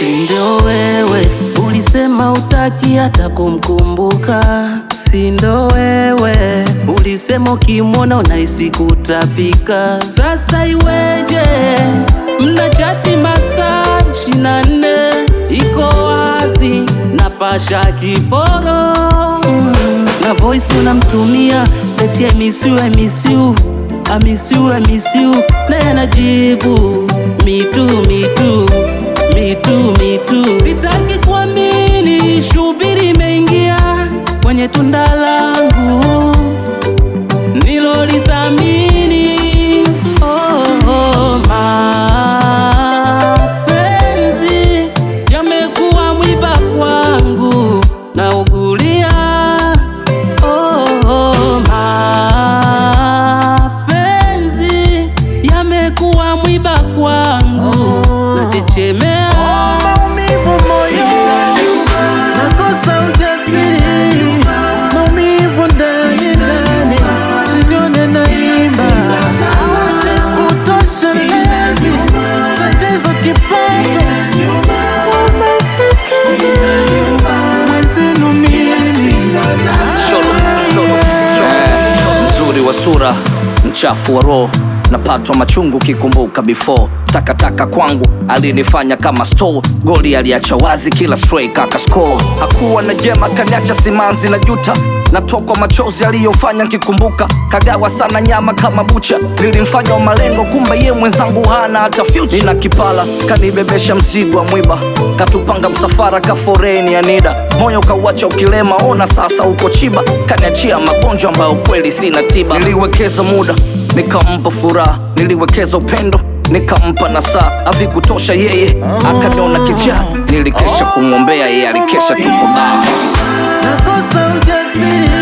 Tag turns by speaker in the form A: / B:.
A: sindo wewe ulisema utaki hata kumkumbuka, sindo wewe ulisema ukimwona unahisi kutapika. Sasa iweje mnachati masa Nampasha kiporo na voice unamtumia eti I miss you, I miss you, I miss you, I miss you, na najibu me too, me too, me too, me too. Sitaki kuamini, shubiri imeingia kwenye tundala kwangu oh. nachechemea
B: oh, maumivu moyo, nakosa ujasiri, maumivu ndani ndani, sinione naimba, sikutoshelezi, tatizo kipato, umasikini mwenzenu mimi,
C: mzuri wa sura, mchafu wa roho napatwa machungu kikumbuka before takataka kwangu alinifanya kama store, goli aliacha wazi kila strike akascore. Hakuwa na jema kaniacha simanzi na juta, natokwa machozi aliyofanya nkikumbuka. Kagawa sana nyama kama bucha, nilimfanya wa malengo, kumba ye mwenzangu hana hata future. kipala kanibebesha mzigo wa mwiba, katupanga msafara ka foreni moyo kauacha ukilema, ona sasa uko chiba, kaniachia magonjwa ambayo kweli sina tiba. Niliwekeza muda nikampa furaha, niliwekeza upendo nikampa na saa avikutosha yeye akaniona kichaa, nilikesha kumwombea yeye alikesha oh,
B: ujasiri